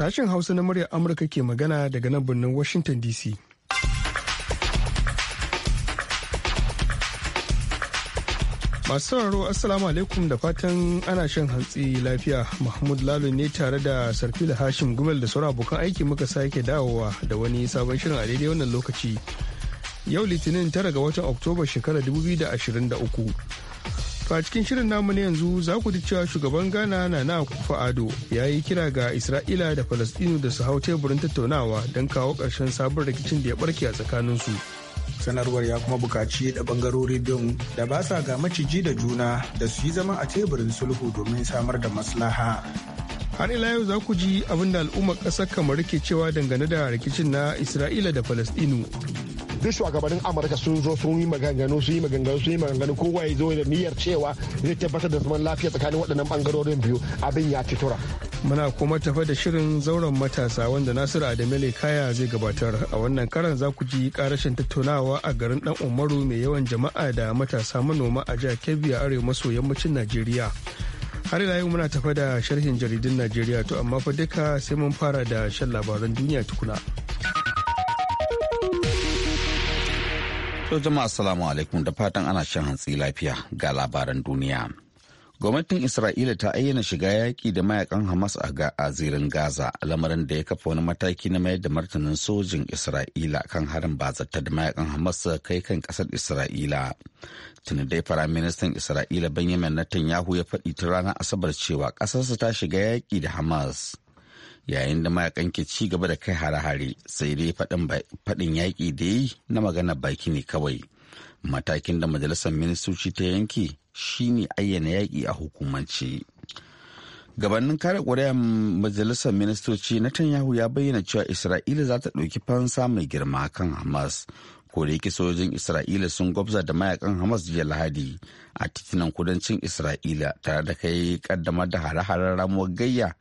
Sashen Hausa na muryar Amurka ke magana daga nan birnin Washington DC. Masu sauraro Assalamu alaikum da fatan ana shan hantsi lafiya Mahmud lalu ne tare da Sarfila Hashim Gumel da sauran abokan aiki muka sake dawowa da wani sabon shirin a daidai wannan lokaci. Yau Litinin tara ga watan Oktoba shekarar 2023. a cikin shirin namu na yanzu za ku ji cewa shugaban Ghana na Akufo Ado ya yi kira ga Isra'ila da Falastinu da su hau teburin tattaunawa don kawo ƙarshen sabon rikicin da ya barke a tsakanin su. Sanarwar ya kuma bukaci da bangarori biyun da ba sa ga maciji da juna da su yi zama a teburin sulhu domin samar da maslaha. har ila yau za ku ji abin da al'ummar ƙasar kamar ke cewa dangane da rikicin na isra'ila da falasɗinu duk shugabannin amurka sun zo sun yi maganganu sun yi maganganu sun yi maganganu kowa ya zo da niyyar cewa zai tabbatar da zaman lafiya tsakanin waɗannan bangarorin biyu abin ya ci tura muna kuma tafa da shirin zauren matasa wanda nasiru adamele kaya zai gabatar a wannan karan za ku ji karashin tattaunawa a garin dan umaru mai yawan jama'a da matasa manoma a jihar kebbi a arewa maso yammacin najeriya har ila yau muna tafa da sharhin jaridun najeriya to amma fa duka sai mun fara da shan labaran duniya tukuna. soja jama'a asalamu alaikum da fatan ana shan hantsi lafiya ga labaran duniya. Gwamnatin Isra'ila ta ayyana shiga yaƙi da mayakan Hamas a zirin Gaza, lamarin da ya kafa wani mataki na mayar da martanin sojin Isra'ila kan harin bazata da mayakan Hamas kai kan ƙasar Isra'ila. Tuni dai Firaministan Isra'ila Benjamin Netanyahu ya faɗi ta ranar Asabar cewa ƙasarsa ta shiga yaƙi da Hamas. yayin da mayakan ke ci gaba da kai hare-hare sai dai faɗin yaƙi da yi na magana baki ne kawai matakin da majalisar ministoci ta yanke shine ayyana yaƙi a hukumance gabanin kare ƙuri'ar majalisar ministoci netanyahu ya bayyana cewa isra'ila za ta ɗauki fansa mai girma kan hamas ko da yake sojojin isra'ila sun gwabza da mayakan hamas jiya lahadi a titunan kudancin isra'ila tare da kai kaddamar da hare-haren ramuwar gayya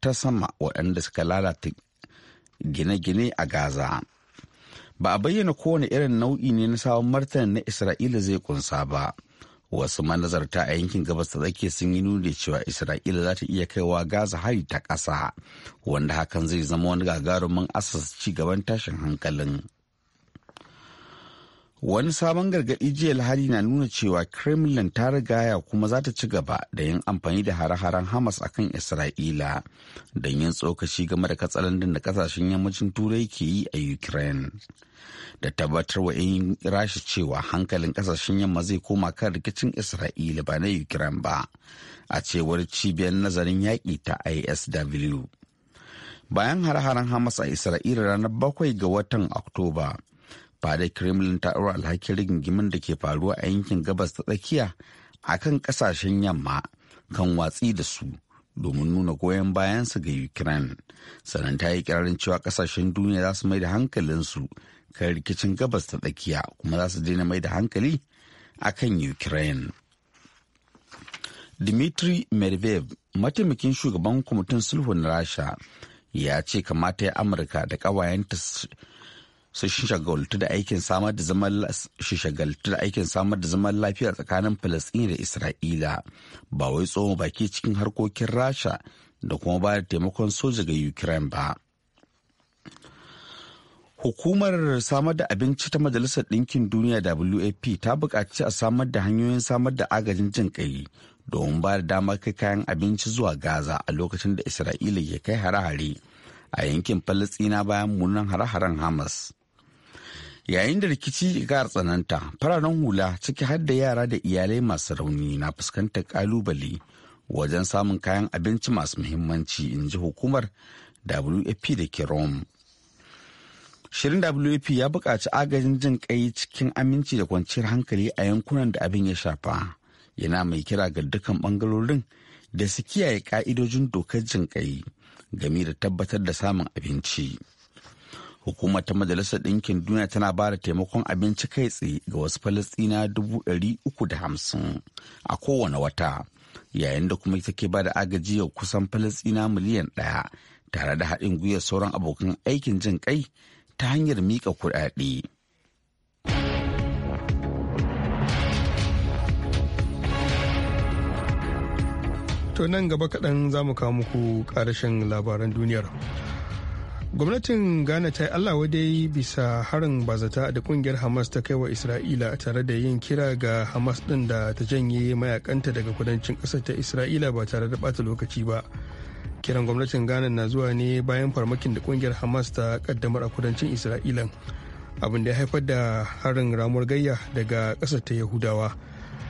ta sama waɗanda suka lalata gine-gine a Gaza. Ba a bayyana kowane irin nau'i ne na sabon martani na Isra'ila zai kunsa ba. Wasu manazarta a yankin gabas ta tsakiya sun yi nuni cewa Isra'ila za ta iya kaiwa Gaza hari ta ƙasa, wanda hakan zai zama wani gagarumin asas ci gaban tashin hankalin. wani sabon gargaɗi jiya lahadi na nuna cewa kremlin ta rigaya kuma za ta ci gaba da yin amfani da hare-haren hamas akan isra'ila don yin tsokaci game da katsalandin da kasashen yammacin turai ke yi a ukraine da tabbatar wa yin rashi cewa hankalin kasashen yamma zai koma kan rikicin isra'ila ba na ukraine ba a cewar cibiyar nazarin yaƙi ta isw bayan hare-haren hamas a isra'ila ranar bakwai ga watan oktoba fadar kremlin ta ɗaura alhakin rigingimin da ke faruwa a yankin gabas ta tsakiya a kan ƙasashen yamma kan watsi da su domin nuna goyon bayansu ga ukraine sannan ta yi kirarin cewa ƙasashen duniya za su mai da hankalinsu kan rikicin gabas ta tsakiya kuma za su daina mai da hankali a kan ukraine Dmitry Medvedev, mataimakin shugaban kwamitin Sulhu na Rasha, ya ce kamata ya Amurka da ƙawayenta sun shagaltu da aikin samar da zaman lafiya tsakanin Falasɗin da Isra'ila ba wai tsohon baki cikin harkokin Rasha da kuma ba da taimakon soja ga Ukraine ba. Hukumar samar da abinci ta Majalisar Ɗinkin Duniya WAP ta buƙaci a samar da hanyoyin samar da agajin jin ƙai domin ba da damar kai kayan abinci zuwa Gaza a lokacin da Isra'ila ke kai hare-hare a yankin Falasɗina bayan munan hare-haren Hamas. yayin da rikici ga tsananta fararen hula ciki har da yara da iyalai masu rauni na fuskantar kalubale wajen samun kayan abinci masu muhimmanci in ji hukumar wfp da ke rome shirin wfp ya buƙaci agajin jin kai cikin aminci da kwanciyar hankali a yankunan da abin ya shafa yana mai kira ga dukkan bangarorin da su kiyaye ka'idojin dokar jin kai game da tabbatar da samun abinci. hukumar ta majalisar ɗinkin duniya tana ba da taimakon abinci kai tsaye ga wasu dubu uku da hamsin a kowane wata yayin da kuma take ba da agaji ga kusan falastina miliyan ɗaya tare da haɗin gwiwar sauran abokan aikin jin kai ta hanyar miƙa kuɗaɗe. To nan gaba kaɗan za mu kawo muku ƙarashin labaran duniyar. gwamnatin ghana ta yi allah wadai bisa harin bazata da kungiyar hamas ta kai wa isra'ila tare da yin kira ga hamas din da ta janye mayakanta daga kudancin kasar ta isra'ila ba tare da bata lokaci ba kiran gwamnatin ghana na zuwa ne bayan farmakin da kungiyar hamas ta kaddamar a kudancin isra'ila abin da ya haifar da harin ramuwar gayya daga kasar ta yahudawa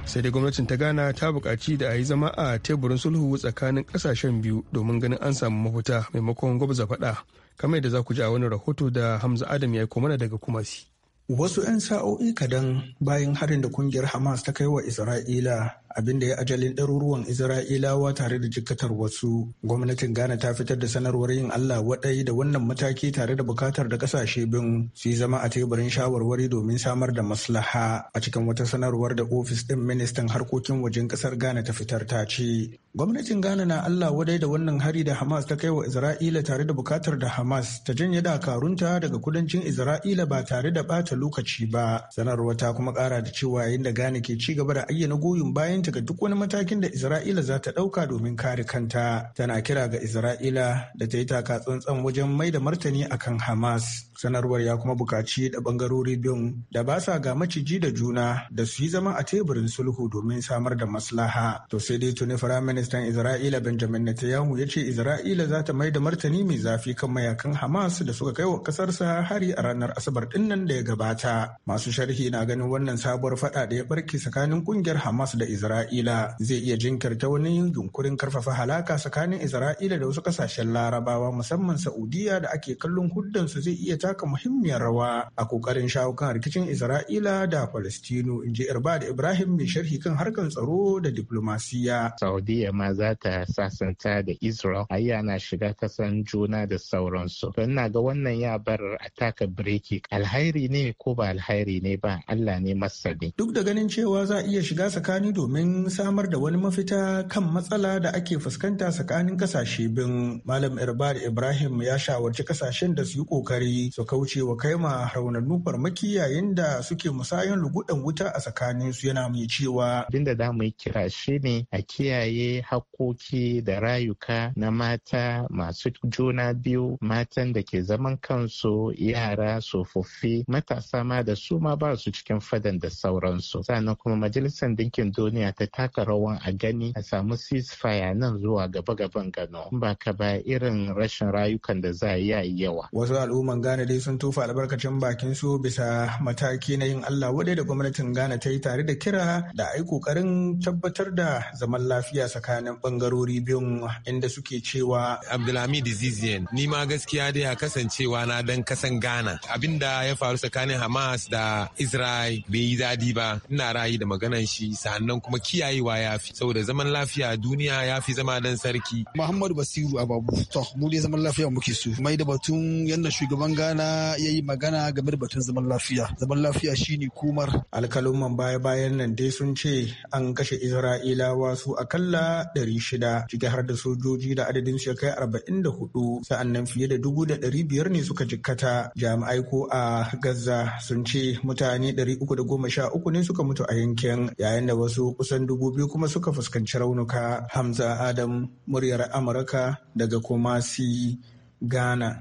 sai dai gwamnatin ta gana ta buƙaci da a yi zama a teburin sulhu tsakanin ƙasashen biyu domin ganin an samu mafita maimakon gwabza faɗa kamar yadda za ku ji a wani rahoto da hamza adam ya yi mana daga kumasi wasu 'yan sa'o'i kadan bayan harin da kungiyar hamas ta kai wa isra'ila abinda ya ajalin ɗaruruwan Isra'ilawa tare da jikatar wasu. Gwamnatin Ghana ta fitar da sanarwar yin Allah waɗai da wannan mataki tare da bukatar da ƙasashe bin su zama a teburin shawarwari domin samar da maslaha. A cikin wata sanarwar da ofis ɗin ministan harkokin wajen ƙasar Ghana ta fitar ta ce. Gwamnatin Ghana na Allah wadai da wannan hari da Hamas ta kai wa Isra'ila tare da bukatar da Hamas ta janye dakarunta daga kudancin Isra'ila ba tare da ɓata lokaci ba. Sanarwar ta kuma ƙara da cewa yayin da Ghana ke ci gaba da ayyana goyon bayan ra'ayinta ga duk wani matakin da Isra'ila za ta ɗauka domin kare kanta. Tana kira ga Isra'ila da ta yi taka tsantsan wajen mai da martani akan Hamas. Sanarwar ya kuma buƙaci da ɓangarori biyun da ba sa ga maciji da juna da su yi zama a teburin sulhu domin samar da maslaha. To sai dai tuni Firaministan Isra'ila Benjamin Netanyahu ya ce Isra'ila za ta mai da martani mai zafi kan mayakan Hamas da suka kai wa ƙasarsa hari a ranar Asabar ɗinnan da ya gabata. Masu sharhi na ganin wannan sabuwar faɗa da ya barke tsakanin ƙungiyar Hamas da Isra'ila. Isra'ila zai iya jinkirta wani yunkurin karfafa halaka tsakanin Isra'ila da wasu kasashen Larabawa musamman Saudiya da ake kallon huddansu zai iya taka muhimmiyar rawa a kokarin shawo kan rikicin Isra'ila da Falastinu in ji Irbad Ibrahim mai sharhi kan harkar tsaro da diplomasiya. Saudiya ma za ta sasanta da Israel Ayya yana shiga kasan juna da sauransu. Don na ga wannan ya bar a taka bireki alhairi ne ko ba alhairi ne ba Allah ne masani. Duk da ganin cewa za a iya shiga tsakani domin domin samar da wani mafita kan matsala da ake fuskanta tsakanin kasashe bin malam irbar ibrahim ya shawarci kasashen da su yi kokari su kauce wa kaima raunannu farmaki yayin da suke musayan lugudan wuta a tsakanin su yana mai cewa abinda da mu kira shi ne a kiyaye hakkoki da rayuka na mata masu juna biyu matan da ke zaman kansu yara tsofaffi matasa ma da su ma ba su cikin fadan da sauransu sannan kuma majalisar dinkin duniya duniya ta taka rawan a gani a samu ceasefire nan zuwa gaba-gaban gano ba ka ba irin rashin rayukan da za a yi yawa. Wasu al'umman Ghana dai sun tofa albarkacin bakin su bisa mataki na yin Allah wadai da gwamnatin Ghana ta yi tare da kira da ai kokarin tabbatar da zaman lafiya tsakanin bangarori biyun inda suke cewa. Abdulhamid Zizien ni ma gaskiya dai a kasancewa na dan kasan Ghana abinda ya faru tsakanin Hamas da Israel bai yi daɗi ba ina rayu da maganan shi sannan kuma kuma kiyayewa ya fi saboda zaman lafiya duniya ya fi zama dan sarki muhammadu basiru ababu to mu dai zaman lafiya muke so mai da batun yanda shugaban ghana ya yi magana game da batun zaman lafiya zaman lafiya shine kumar alkaluman baya bayan nan dai sun ce an kashe isra'ilawa su akalla ɗari shida ciki har da sojoji da adadin su ya kai arba'in da hudu sa'an fiye da dubu da ɗari biyar ne suka jikkata jami'ai ko a gaza sun ce mutane ɗari uku da goma sha uku ne suka mutu a yankin yayin da wasu kusan dubu biyu kuma suka fuskanci raunuka hamza adam muryar amurka daga kumasi ghana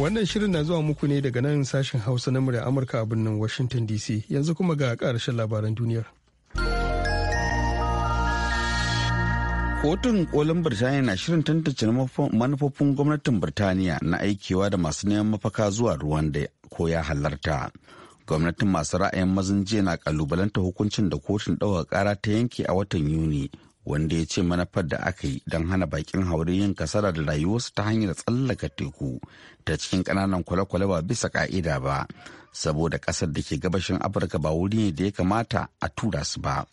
wannan shirin na zuwa muku ne daga nan sashen hausa na muryar amurka a birnin washington dc yanzu kuma ga karshen labaran duniyar kotun kolin birtaniya na shirin tantance manufofin gwamnatin birtaniya na aikewa da masu neman mafaka zuwa ruwan da ko ya halarta gwamnatin masu ra'ayin mazan jiya na kalubalanta hukuncin da kotun ɗaukar ƙara ta yanke a watan yuni wanda ya ce manufar da aka yi don hana bakin haure yin kasara da rayuwarsu ta hanyar tsallaka teku ta cikin ƙananan kwale-kwale ba bisa ka'ida ba saboda ƙasar da ke gabashin afirka ba wuri ne da ya kamata a tura su ba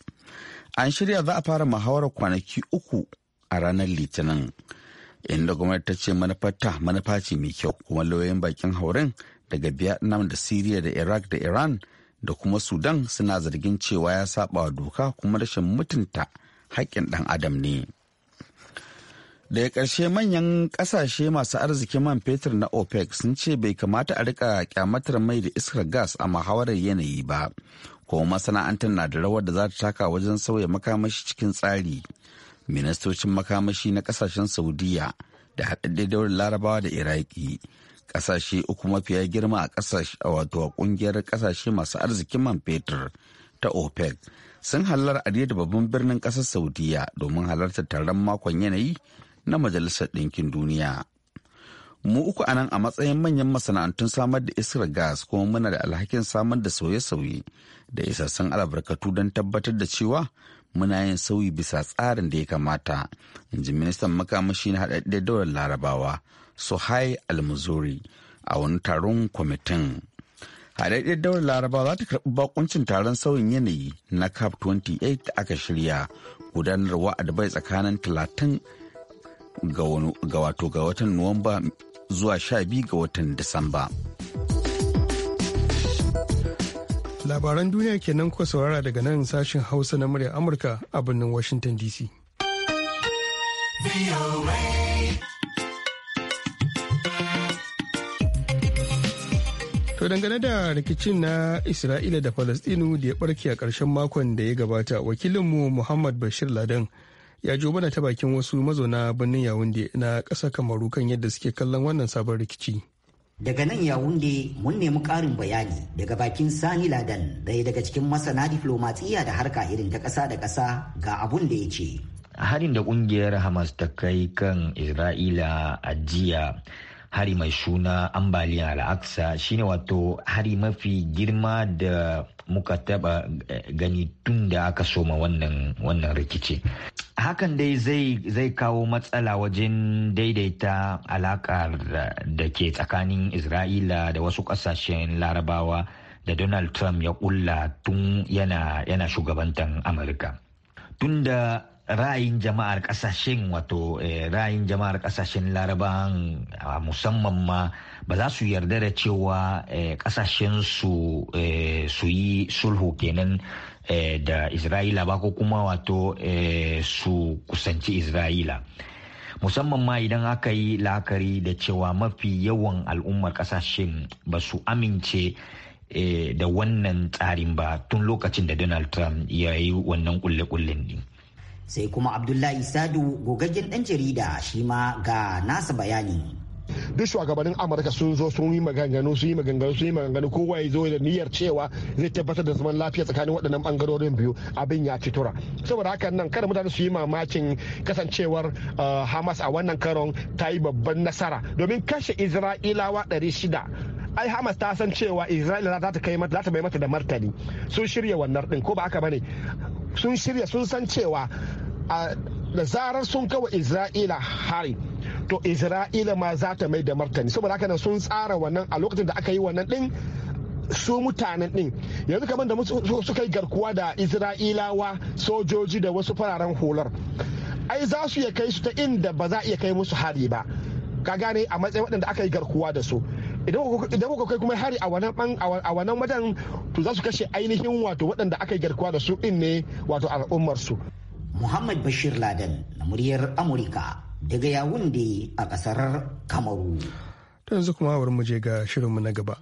an shirya za a fara muhawarar kwanaki uku a ranar litinin inda gwamnati ta ce manufarta manufa ce mai kyau kuma lauyoyin bakin hauren daga vietnam da syria da iraq da iran da kuma sudan suna zargin cewa ya saba wa doka kuma rashin mutunta haƙƙin ɗan adam ne daga ƙarshe manyan ƙasashe masu arziki man fetur na opec sun ce bai kamata a rika kyamatar mai da iskar gas a muhawarar yanayi ba kuma masana'antar na da rawar da za ta taka wajen sauya makamashi cikin tsari ministocin makamashi na ƙasashen saudiya da haɗaɗɗen daular larabawa da iraki kasashe uku mafiya girma a kasashe wato a kungiyar kasashe masu arzikin man fetur ta opec sun halar a da babban birnin kasar saudiya domin halartar taron makon yanayi na majalisar ɗinkin duniya mu uku anan a matsayin manyan masana'antun samar da iskar gas kuma muna da alhakin samar da sauye-sauye da isassun albarkatu don tabbatar da cewa muna yin sauyi bisa tsarin da ya kamata in ji ministan makamashi na haɗaɗɗen daular larabawa suhai almuzuri a wani taron kwamitin haɗaɗɗiyar daular laraba za ta karɓi bakuncin taron sauyin yanayi na cap 28 da aka shirya gudanarwa a dubai tsakanin 30 ga wato ga watan nuwamba zuwa 12 ga watan disamba labaran duniya kenan kuka saurara daga nan sashen hausa na murya amurka a birnin washington dc To dangane da rikicin na Isra'ila da Falastinu da ya barke a ƙarshen makon da ya gabata wakilinmu Muhammad Bashir Ladan ya jo mana ta bakin wasu mazauna birnin Yawunde na ƙasa Kamaru kan yadda suke kallon wannan sabon rikici. Daga nan Yawunde mun nemi ƙarin bayani daga bakin Sani Ladan daya daga cikin masana diflomatsiya da harka irin ta ƙasa da ƙasa ga abun da ya ce. Harin da ƙungiyar Hamas ta kai kan Isra'ila a jiya hari mai suna ambaliyar al'aksa shine wato hari mafi girma da muka taba eh, gani tun da aka soma wannan rikici hakan dai zai kawo matsala wajen daidaita alakar da ke tsakanin isra'ila da wasu kasashen larabawa da donald trump ya kulla tun yana, shugabantar shugabantan amurka tunda. ra'ayin jama'ar kasashen wato eh, ra'ayin jama'ar kasashen larabawan musamman ma ba za su yarda da cewa kasashen eh, su eh, su yi sulhu kenan da isra'ila ba ko kuma wato su kusanci isra'ila musamman ma idan aka yi la'akari da cewa mafi yawan al'ummar kasashen ba su amince da wannan tsarin ba tun lokacin da donald trump ya yi wannan kulle-kullen din. sai kuma abdullahi sadu gogaggen dan jarida shi ma ga nasa bayani duk shugabannin amurka sun zo sun yi maganganu sun yi maganganu sun yi maganganu kowa ya zo da niyyar cewa zai tabbatar da zaman lafiya tsakanin waɗannan bangarorin biyu abin ya ci tura saboda haka nan kada mutane su yi mamakin kasancewar uh, hamas a wannan karon ta yi babban nasara domin kashe isra'ilawa shida. ai Hamas ta san cewa Isra'ila za ta kai mata za ta mai mata da martani sun shirya wannan ɗin ko ba haka bane sun shirya sun san cewa da zarar sun kawo isra'ila hari to isra'ila ma za ta mai da martani saboda haka sun tsara wannan a lokacin da aka yi wannan din su mutanen din yanzu kamar da suka yi garkuwa da isra'ilawa sojoji da wasu fararen hular ai za su iya kai su ta inda ba za a iya kai musu hari ba ka gane a matsayin waɗanda aka yi garkuwa da su idan kuka kai kuma hari a wannan wajen to za su kashe ainihin wato waɗanda aka yi garkuwa da su ɗin ne wato al'ummarsu. su Muhammad Bashir Laden na muryar Amurka daga Yawunde a ƙasar Kamaru. Ta yanzu kuma bari mu je ga shirinmu na gaba.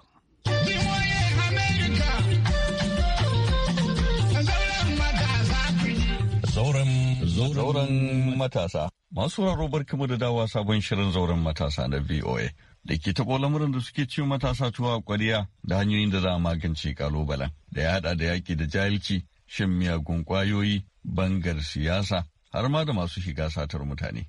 Zauren matasa. Masu raro barkamu da dawa sabon shirin zauren matasa na VOA da ke taɓo lamarin da suke ciwo matasa tuwa a kwariya da hanyoyin da za a magance kalubalen da ya haɗa da yaƙi da jahilci shan miyagun ƙwayoyi, bangar siyasa, har ma da masu shiga satar mutane.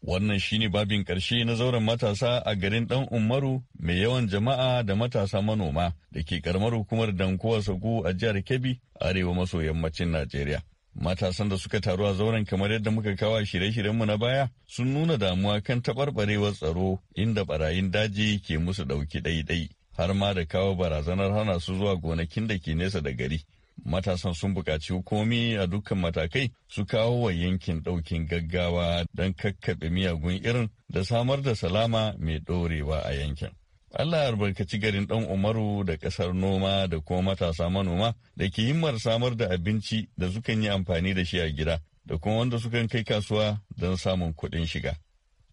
Wannan shi ne babin ƙarshe na zauren matasa a garin ɗan Umaru mai yawan jama'a da matasa manoma da ke ƙaramar hukumar Dankowa Sagu a jihar Kebbi, arewa maso yammacin Najeriya. Matasan da suka taru a zauren kamar yadda muka kawo shirye-shiryenmu na baya sun nuna damuwa kan taɓarɓarewar tsaro inda barayin daji ke musu ɗauki ɗai-ɗai, har ma da kawo barazanar hana su zuwa gonakin da ke nesa da gari. Matasan sun buƙaci hukumi a dukkan matakai su kawo wa yankin ɗaukin gaggawa don kakkaɓe miyagun irin da samar da salama mai ɗorewa a yankin. Allah Ya albarkaci garin ɗan Umaru da ƙasar noma da kuma matasa manoma da ke himmar samar da abinci da sukan yi amfani da shi a gida da kuma wanda sukan kai kasuwa don samun kuɗin shiga.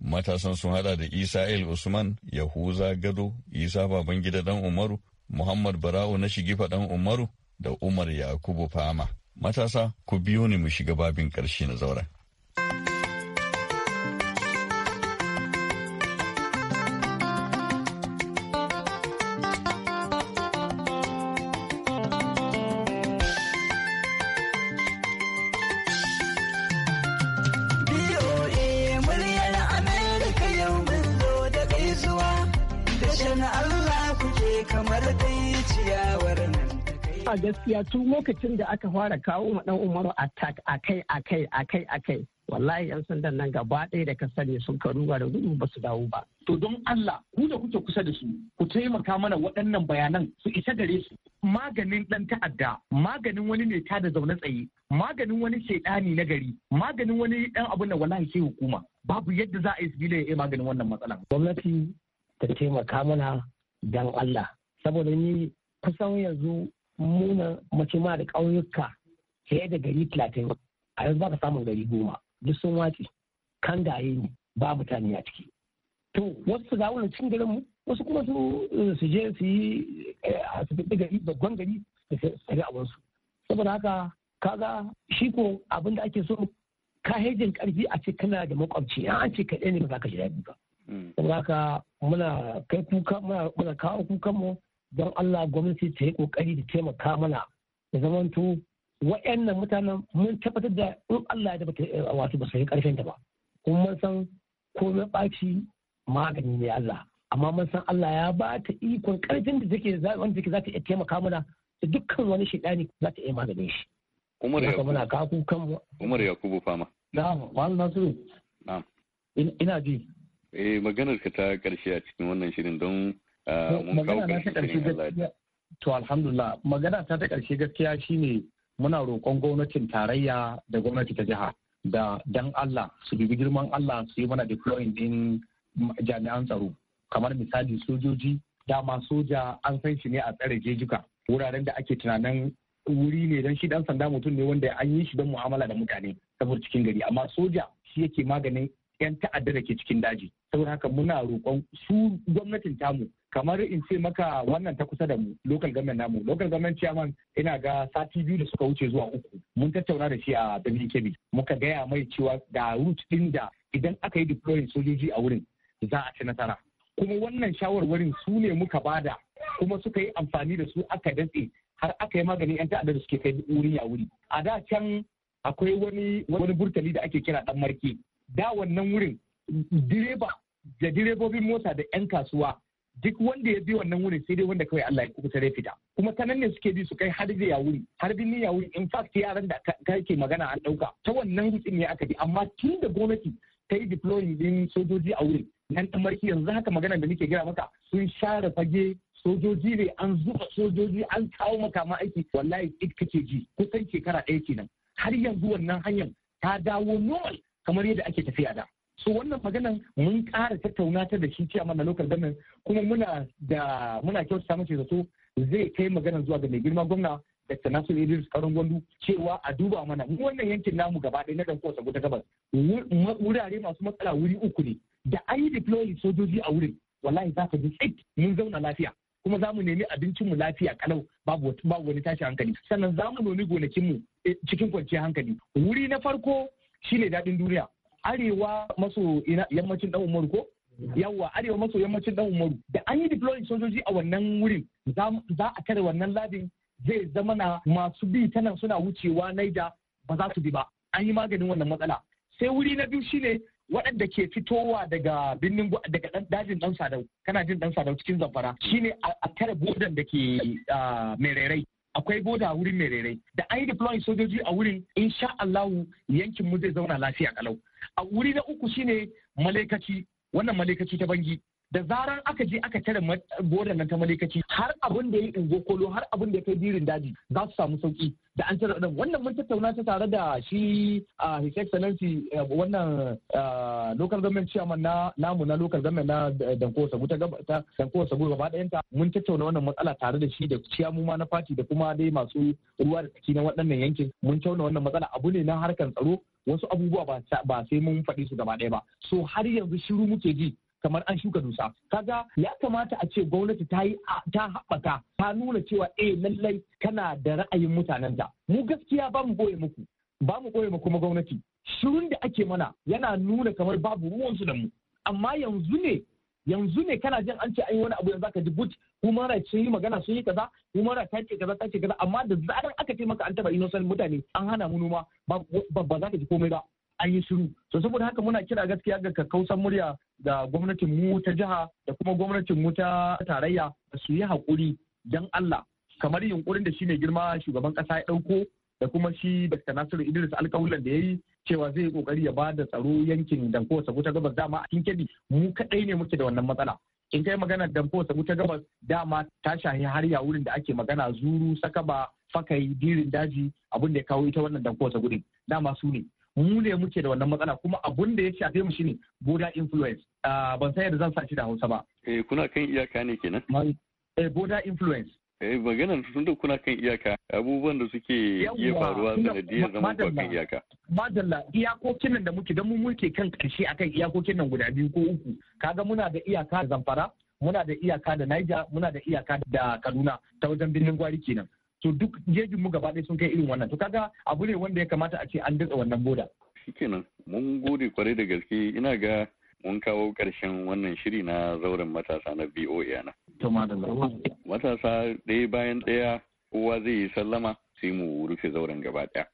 Matasan sun hada da Isa El Usman, Yahuza Gado, Isa Babangida ɗan Umaru, Muhammad Bara'u na Shigifa ɗan Umaru, da Umar Yakubu Fama. Matasa, ku biyo ni mu shiga babin ƙarshe na zauren. gaskiya tun lokacin da aka fara kawo ma dan umaru attack akai akai akai akai wallahi yan sandan nan gaba ɗaya da ka sani sun ka ruga da gudu ba su dawo ba to don Allah ku da kuke kusa da su ku taimaka mana waɗannan bayanan su isa gare su maganin dan ta'adda maganin wani ne ta da zaune tsaye maganin wani shaidani na gari maganin wani ɗan abu na wallahi sai hukuma babu yadda za a yi bila ya maganin wannan matsala gwamnati ta taimaka mana dan Allah saboda ni kusan yanzu muna mace ma da ƙauyuka fiye da gari talatin a yanzu baka samun gari goma duk sun watsi. kan gaye ne ba mutane a ciki to wasu su dawo cikin garin mu wasu kuma su eh, su je su yi eh, a su gari babban gari da tsari a wasu saboda haka kaga shi ko abin da ake so ka hejin karfi a ce kana da makwabci an ce kaɗai ne ba za ka shi daɗi ba hmm. saboda haka muna kai kuka muna kawo kukan mu don Allah gwamnati ta yi kokari da taimaka mana da tu, wa'annan mutanen mun tabbatar da in Allah ya tabbata eh, wato ba su yi karfin ta ba kuma mun san komai baci magani ne Allah amma mun san Allah ya ba ta ikon karfin da take wanda take za ta iya taimaka mana da dukkan wani shaidani za ta iya maganin shi Umar Yakubu muna ku kan Umar Yakubu fama na'am wal nasiru na'am ina ji eh maganar ka ta karshe a cikin wannan shirin don Eh, to alhamdulillah magana ta ta ƙarshe gaskiya shine muna roƙon gwamnatin tarayya da gwamnati ta jiha da dan Allah su bi girman Allah su yi mana deploying din jami'an tsaro kamar misali sojoji dama soja an san shi ne a tsare jejuka wuraren da ake tunanin wuri ne don shi dan sanda mutum ne wanda an yi shi don mu'amala da mutane saboda cikin gari amma soja shi yake maganin yan ta'adda da ke cikin daji saboda haka muna roƙon su gwamnatin tamu kamar in ce maka wannan ta kusa da mu local government namu local government chairman ina ga sati biyu da suka wuce zuwa uku mun tattauna da shi a birnin kebbi muka gaya mai cewa da route din da idan aka yi deploying sojoji a wurin za a ci nasara kuma wannan shawarwarin su ne muka bada kuma suka yi amfani da su aka datse har aka yi maganin yan ta'adda da suke kai wuri a wuri a da can akwai wani wani burtali da ake kira dan marke da wannan wurin direba da direbobin mota da yan kasuwa duk wanda ya bi wannan wurin sai dai wanda kawai Allah ya kusa ya fita kuma ta ne suke bi su kai har da yawuri har bin yawuri in fact yaran da kake magana an dauka ta wannan rutsin ne aka bi amma tun da gwamnati ta yi deploying din sojoji a wurin nan ta marki yanzu haka magana da nake gira maka sun share fage sojoji ne an zuba sojoji an kawo makama aiki wallahi it kake ji kusan shekara ɗaya kenan har yanzu wannan hanyar ta dawo normal kamar yadda ake tafiya da so wannan maganan mun ƙara tattauna ta da shi ce mana local government kuma muna da muna kyautata mace zato zai kai maganan zuwa ga mai girma gwamna Dr. Nasir Idris Karon Gwandu cewa a duba mana mu wannan yankin namu gaba ɗaya na dan kowace guda gabas wurare masu matsala wuri uku ne da an yi deploy sojoji a wurin wallahi za ka ji tsit mun zauna lafiya kuma za mu nemi abincinmu lafiya kalau babu wani tashi hankali sannan za mu nemi gonakinmu eh, cikin kwanciyar hankali wuri na farko shine daɗin duniya arewa maso yammacin dan umaru ko yawwa arewa maso yammacin dan umaru da an yi deploying sojoji a wannan wurin za a tare wannan ladin zai zama na masu bi ta suna wucewa naija ba za su bi ba an yi maganin wannan matsala sai wuri na biyu shine waɗanda ke fitowa daga birnin daga dajin dan sadau kana jin dan sadau cikin zamfara shine a tare bodan da ke mererai akwai boda a wurin mererai da an yi deploying sojoji a wurin insha Allahu yankin mu zai zauna lafiya kalau a wuri na uku shine malaikaci wannan malaikaci ta bangi da zaran aka je aka tare bodan nan ta malikaci har abin da ya yi kolo har abin da ya kai birin daji za su samu sauki da an tare ɗan wannan mun tattauna ta tare da shi a his excellency eh, wannan local government chairman na namu na local government na danko sabu ta ta danko sabu gaba ɗayan mun tattauna wannan matsala tare da shi da ciyamu ma na fati da kuma dai masu ruwa da tsaki na waɗannan yankin mun tauna wannan matsala abu ne na harkar tsaro wasu abubuwa ba sai mun faɗi su gaba ɗaya ba so har yanzu shiru muke ji kamar an shuka dusa kaga ya kamata a ce gwamnati ta yi ta haɓaka ta nuna cewa eh lallai kana da ra'ayin mutanenta mu gaskiya ba mu boye muku ba mu boye kuma gwamnati shirin da ake mana yana nuna kamar babu ruwansu da mu amma yanzu ne yanzu ne kana jin an ce yi wani abu yanzu aka ji but kuma rights sun yi magana sun yi kaza kuma rights ta ce kaza ta ce kaza amma da zaran aka ce maka an taba inosan mutane an hana mu noma ba za ka ji komai ba an yi shiru to saboda haka muna kira gaskiya ga kakkausan murya ga gwamnatin mu ta jiha da kuma gwamnatin mu ta tarayya su yi haƙuri don Allah kamar yunkurin da shi mai girma shugaban ƙasa ya ɗauko da kuma shi Dr. Nasiru Idris alƙawulan da ya yi cewa zai yi ƙoƙari ya ba da tsaro yankin Danko Sabu ta gabas dama a Kinkedi mu kaɗai ne muke da wannan matsala. In kai magana Danko Sabu ta gabas dama ta shahi har ya wurin da ake magana zuru sakaba fakai birin daji abin da ya kawo ita wannan Danko Sabu din dama su ne. mu ne muke da wannan matsala kuma abun da ya shafe mu shine border influence ah, ban san yadda zan sa shi da Hausa ba eh kuna kan iyaka ne kenan eh border influence eh magana tun da kuna kan iyaka abubuwan da suke iya faruwa sanadiyar zaman ba kan iyaka madalla iyakokin nan da muke dan mu muke kan kashi akan iyakokin nan guda biyu ko uku kaga muna da iyaka da Zamfara muna da iyaka da Niger muna da iyaka da Kaduna ta wajen birnin Gwari kenan to duk jejin mu gaba ɗaya sun kai irin wannan to kaga abu ne wanda ya kamata a ce an dutse wannan boda shikenan mun gode kwarai da gaske ina ga mun kawo ƙarshen wannan shiri na zauren matasa na VOA na matasa ɗaya bayan ɗaya kowa zai yi sallama sai mu rufe zauren gaba ɗaya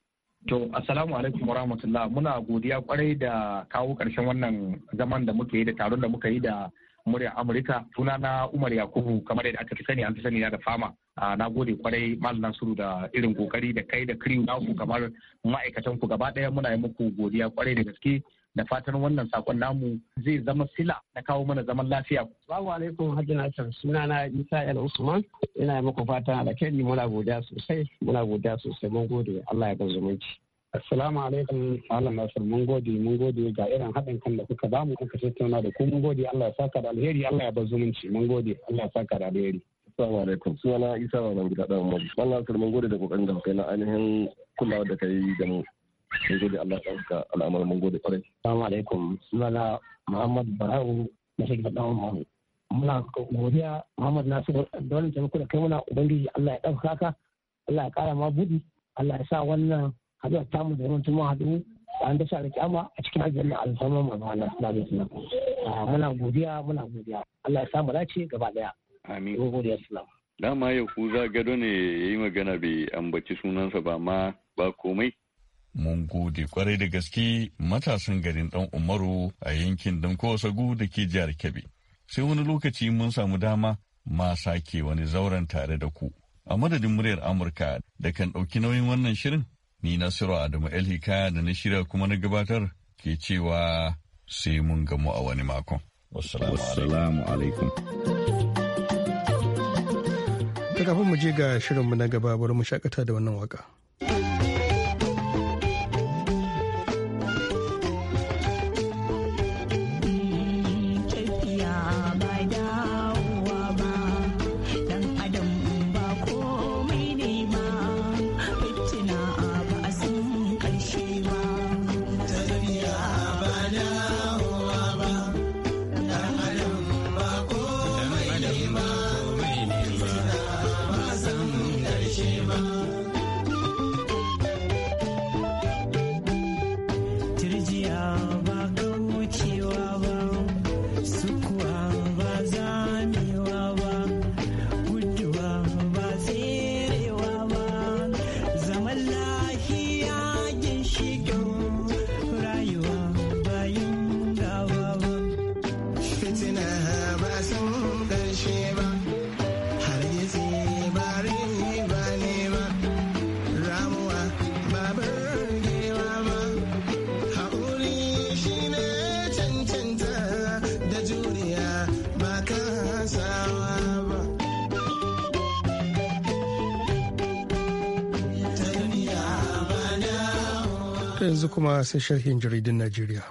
To, assalamu alaikum warahmatullah muna godiya kwarai da kawo ƙarshen wannan zaman da muka yi da taron da muka yi da muryar Amurka. Sunana Umar Yakubu kamar yadda aka fi sani an fi sani na da fama. Ah, na gode kwarai malam nasiru da irin kokari da kai da na naku kamar ma'aikatan ku gaba ɗaya muna yi muku godiya kwarai da gaske da fatan wannan sakon namu zai zama sila na kawo mana zaman lafiya. Assalamu alaikum Hajji Nasir suna na Isa El Usman ina yi muku fatan alkhairi muna godiya sosai muna godiya sosai mun gode Allah ya ga zumunci. Assalamu alaikum Malam Nasir mun gode mun gode ga irin haɗin kan da kuka bamu kuka tattauna da ku mun gode Allah ya saka da alheri Allah ya ba zumunci mun gode Allah ya saka da alheri. Assalamu alaikum. na Isa Baban Gida Dan Umar. Allah asar mun gode da kokarin da kai na ainihin kullawa da kai da mu. Mun gode Allah ya saka al'amar mun gode kwarai. Assalamu alaikum. na Muhammad Barau na shiga Dan Umar. Muna godiya Muhammad Nasiru da wannan taimako da kai muna Ubangiji Allah ya ɗauka ka. Allah ya ƙara ma budi. Allah ya sa wannan ta mu da ruwan tuma haɗu an da sa kyama a cikin na alfama manzo Allah sallallahu alaihi wasallam ah, muna godiya muna godiya Allah ya samu dace gaba daya Amin. Dama ya ku za gado ne ya yi magana bai ambaci sunansa ba ma ba komai. Mun gode kwarai da gaske matasan garin ɗan Umaru a yankin Danko Sagu da ke jihar Kebbi. Sai wani lokaci mun samu dama ma sake wani zauren tare da ku. A madadin muryar Amurka da kan ɗauki nauyin wannan shirin, ni Nasiru Adamu El Hikaya da na shirya kuma na gabatar ke cewa sai mun gamu a wani makon. Wassalamu alaikum. ta kafin mu je ga shirinmu na gaba bari mu shakata da wannan waka. yanzu kuma sai sharhin jaridun Najeriya.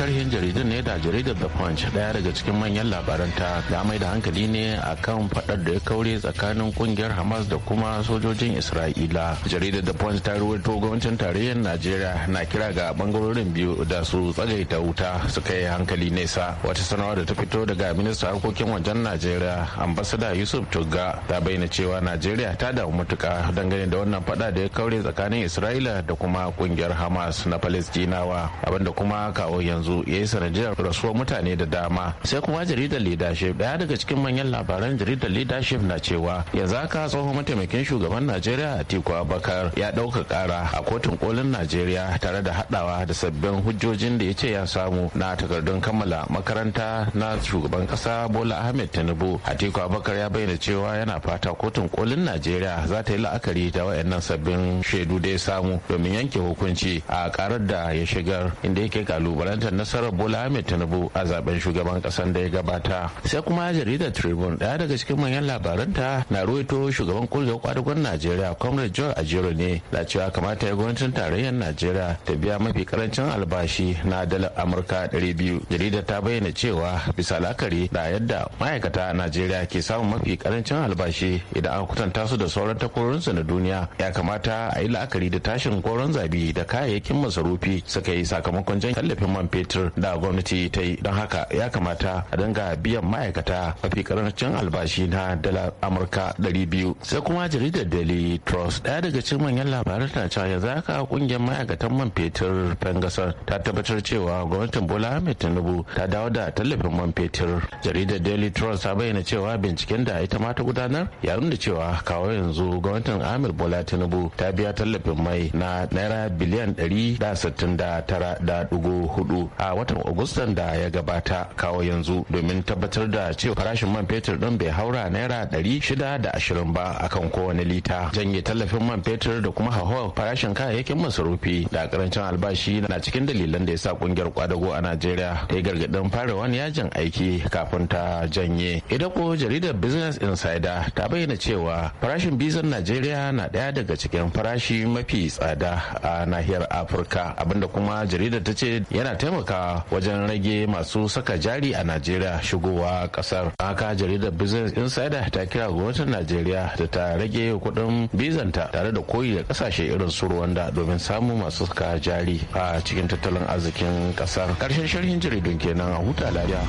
sharhin jaridun ne da jaridar The Punch daya daga cikin manyan labaran ta ya mai da hankali ne akan fadar da ya kaure tsakanin kungiyar Hamas da kuma sojojin Isra'ila. Jaridar The Punch ta ruwaito gwamnatin tarayyar Najeriya na kira ga bangarorin biyu da su tsagaita wuta su kai hankali nesa. Wata sanarwa da ta fito daga ministan harkokin wajen Najeriya ambasada Yusuf Tugga ta bayyana cewa Najeriya ta damu matuka dangane da wannan fada da ya kaure tsakanin Isra'ila da kuma kungiyar Hamas na Palestinawa abinda kuma kawo yanzu yanzu ya yi sanadiyar rasuwar mutane da dama sai kuma jaridar leadership daya daga cikin manyan labaran jaridar leadership na cewa yanzu haka tsohon mataimakin shugaban najeriya atiku abakar ya ɗauka ƙara a kotun kolin najeriya tare da haɗawa da sabbin hujjojin da ya ce ya samu na takardun kammala makaranta na shugaban ƙasa bola ahmed tinubu atiku abakar ya bayyana cewa yana fata kotun kolin najeriya za ta yi la'akari da wayannan sabbin shaidu da ya samu domin yanke hukunci a karar da ya shigar inda yake kalubalanta da nasarar bola ahmed tinubu a zaben shugaban kasan da ya gabata sai kuma jaridar tribune daya daga cikin manyan ta na ruwaito shugaban kungiyar kwadagon najeriya comrade john ajero ne da cewa kamata ya gwamnatin tarayyar najeriya ta biya mafi karancin albashi na dalar amurka biyu jaridar ta bayyana cewa bisa la'akari da yadda ma'aikata a najeriya ke samun mafi karancin albashi idan an kwatanta su da sauran takwarorinsu na duniya ya kamata a yi la'akari da tashin koron zabi da kayayyakin masarufi suka yi sakamakon jan tallafin man fetur fetur da gwamnati ta yi don haka ya kamata a dinga biyan ma'aikata mafi karancin albashi na dala amurka 200 sai kuma jaridar daily trust daya daga cikin manyan labaran ta cewa yanzu haka kungiyar ma'aikatan man fetur fangasar ta tabbatar cewa gwamnatin bola ahmed tinubu ta dawo da tallafin man fetur jaridar daily trust ta bayyana cewa binciken da ita ma ta gudanar ya nuna cewa kawo yanzu gwamnatin ahmed bola tinubu ta biya tallafin mai na naira biliyan 169.4 a watan Agustan da ya gabata kawo yanzu domin tabbatar da cewa farashin man fetur ɗin bai haura naira ɗari shida da ashirin ba akan kowane lita. Janye tallafin man fetur da kuma hauhawar farashin kayayyakin masarufi da karancin albashi na cikin dalilan da ya sa kungiyar kwadago a Najeriya ta yi gargaɗin fara wani yajin aiki kafin ta janye. idan ko jaridar Business Insider ta bayyana cewa farashin bizar Najeriya na ɗaya daga cikin farashi mafi tsada a nahiyar Afirka abinda kuma jaridar ta ce yana taimaka taimaka wajen rage masu saka jari a najeriya shigowa kasar haka jaridar business insider ta kira gwamnatin najeriya da ta rage kuɗin bizanta tare da koyi da kasashe irin su rwanda domin samun masu saka jari a cikin tattalin arzikin kasar karshen sharhin jaridun kenan a huta lafiya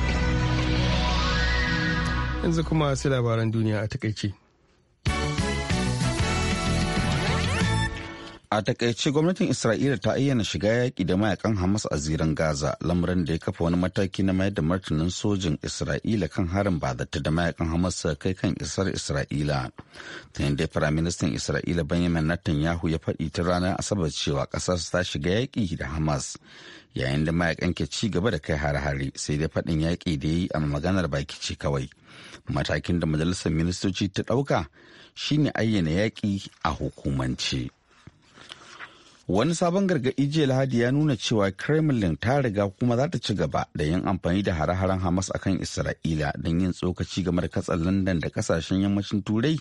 yanzu kuma sai labaran duniya a takaice A takaice gwamnatin Isra'ila ta ayyana shiga yaƙi da mayakan Hamas a ziran Gaza, lamarin da ya kafa wani mataki na mayar da martanin sojin Isra'ila kan harin bazata da mayakan Hamas suka kai kan isar Isra'ila. Ta yadda Firaministan Isra'ila Benjamin Netanyahu ya faɗi ta ranar Asabar cewa ƙasar ta shiga yaƙi da Hamas. Yayin da mayakan ke ci gaba da kai hare-hare sai dai faɗin yaƙi da ya yi a maganar baki ce kawai. Matakin da Majalisar Ministoci ta ɗauka shine ayyana yaƙi a hukumance. wani sabon gargaɗi jiya lahadi ya nuna cewa kremlin ta riga kuma za ta ci gaba da yin amfani da hare-haren hamas kan isra'ila don yin tsokaci game da katsar london da kasashen yammacin turai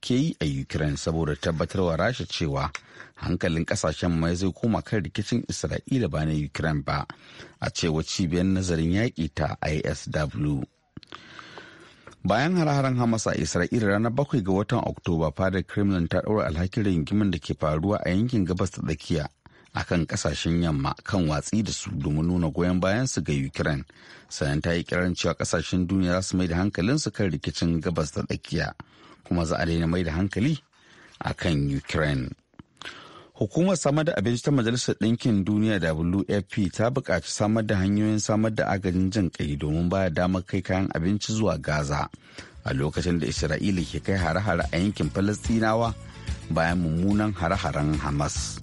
ke yi a ukraine saboda tabbatarwa rasha cewa hankalin kasashen mai zai koma kan rikicin isra'ila ba na ukraine ba a cewa cibiyar nazarin yaƙi ta isw bayan har-haren hamas a isra'ila ranar bakwai ga watan oktoba fadar kremlin ta ɗaura alhakin rigimin da ke faruwa a yankin gabas ta tsakiya kan ƙasashen yamma kan watsi da su domin nuna goyon bayan su ga ukraine sannan ta yi kiran cewa kasashen duniya za su mai da hankalin su kan rikicin gabas ta tsakiya kuma za a daina mai da hankali a kan ukraine Hukumar samar da abinci ta Majalisar Ɗinkin Duniya WFP ta buƙaci samar da hanyoyin samar da agajin jin ƙai domin baya damar kai kayan abinci zuwa Gaza a lokacin da Isra'ila ke kai hare-hare a yankin Falastinawa bayan mummunan hare-haren Hamas.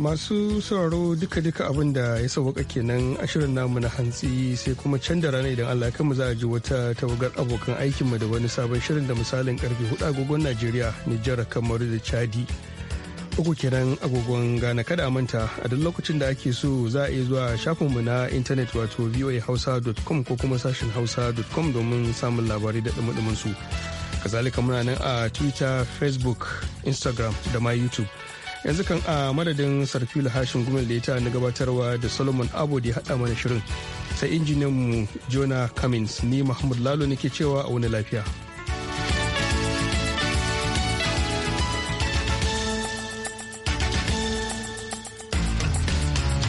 Masu sauraro duka-duka abin da ya sauwaka kenan shirin namu na hantsi sai kuma can rana idan Allah kanmu za a ji wata tawagar abokan aikinmu da wani sabon shirin da misalin karfe hudu agogon Najeriya, Nijar, Kamaru da Chadi. uku kenan agogon gane kada a manta a duk lokacin da ake so za a iya zuwa shafinmu na intanet wato voahausa.com ko kuma sashin hausa.com domin samun labarai da dumudumin su. Kazalika muna nan a Twitter, Facebook, Instagram da ma YouTube. Yanzu kan a madadin Sarfila Hashin gumin da ya na gabatarwa da Solomon abu da ya haɗa mana shirin. Sai mu jona Cummins ni Mahmud Lalo nake cewa a wani lafiya.